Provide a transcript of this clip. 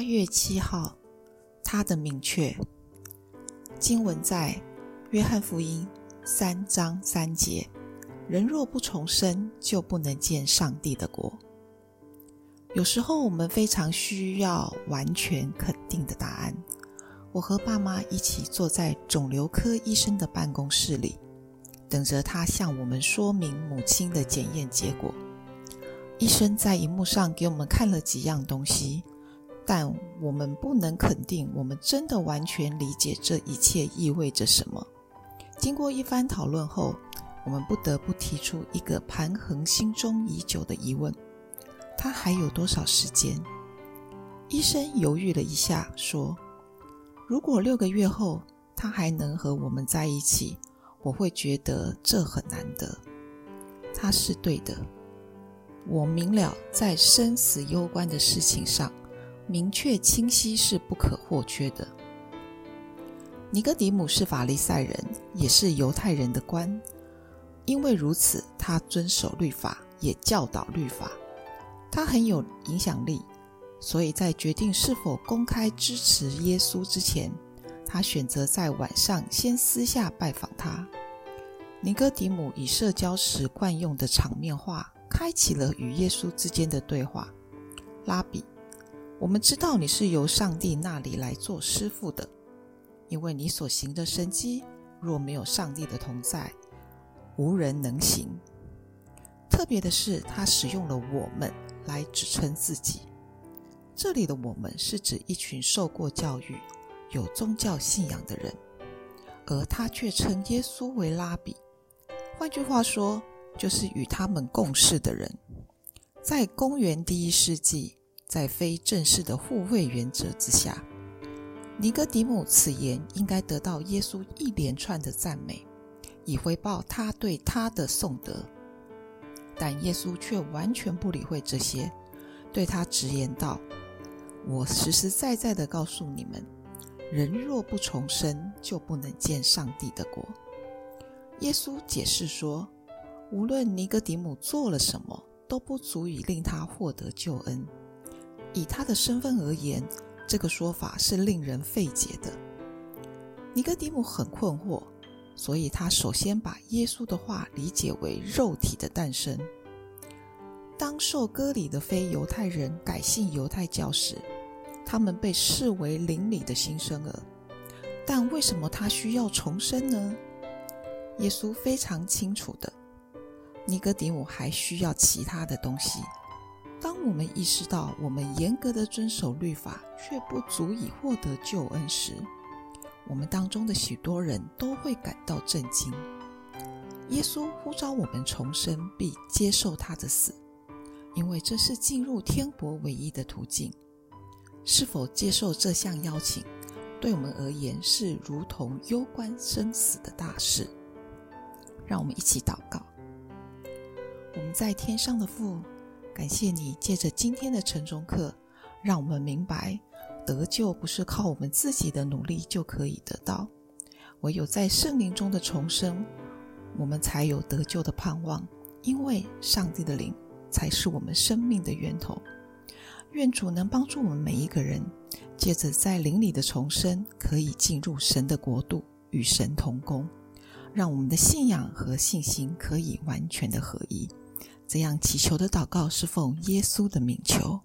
八月七號，祂的明確經文在《約翰福音》三章三節：“人若不重生，就不能見上帝的國。”有時候我們非常需要完全肯定的答案。我和爸媽一起坐在腫瘤科醫生的辦公室裡，等着他向我們說明母親的檢驗結果。醫生在熒幕上給我們看了幾樣東西。但我們不能肯定，我們真的完全理解這一切意味着什麼。經過一番討論後，我們不得不提出一個盤桓心中已久的疑問：他還有多少時間？醫生猶豫了一下，說：“如果六個月後他還能和我們在一起，我會覺得這很難得。”他是對的，我明了，在生死攸關的事情上。明確清晰是不可或缺的。尼哥底姆是法利賽人，也是猶太人的官。因為如此，他遵守律法，也教導律法。他很有影響力，所以在決定是否公開支持耶穌之前，他選擇在晚上先私下拜訪他。尼哥底姆以社交時慣用的場面話，開啟了與耶穌之間的對話。拉比。我們知道你是由上帝那裡來做師傅的，因為你所行的神蹟，若沒有上帝的同在，無人能行。特別的是，他使用了“我們”來指稱自己。這裡的“我們”是指一群受過教育、有宗教信仰的人，而他卻稱耶穌為拉比。換句話說，就是與他們共事的人。在公元第一世紀。在非正式的互惠原則之下，尼哥底母此言應該得到耶穌一連串的讚美，以回報他對他的頌德。但耶穌卻完全不理會這些，對他直言道：“我實實在在地告訴你們，人若不重生，就不能見上帝的國。”耶穌解釋說：“無論尼哥底母做了什麼，都不足以令他獲得救恩。”以他的身份而言，這個說法是令人費解的。尼哥底母很困惑，所以他首先把耶穌的話理解為肉體的誕生。當受割禮的非猶太人改信猶太教時，他們被視為靈裡的新生兒。但為什麼他需要重生呢？耶穌非常清楚的，尼哥底母還需要其他的東西。當我們意識到我們嚴格的遵守律法卻不足以獲得救恩時，我們當中的許多人都會感到震驚。耶穌呼召我們重生並接受他的死，因為這是進入天國唯一的途徑。是否接受這項邀請，對我們而言是如同攸關生死的大事。讓我們一起禱告：我們在天上的父。感謝你借着今天的晨鐘課，讓我們明白得救不是靠我們自己的努力就可以得到，唯有在聖靈中的重生，我們才有得救的盼望。因為上帝的靈才是我們生命的源頭。願主能幫助我們每一個人，借着在靈裡的重生，可以進入神的國度，與神同工，讓我們的信仰和信心可以完全的合一。這樣祈求的禱告是奉耶穌的名求。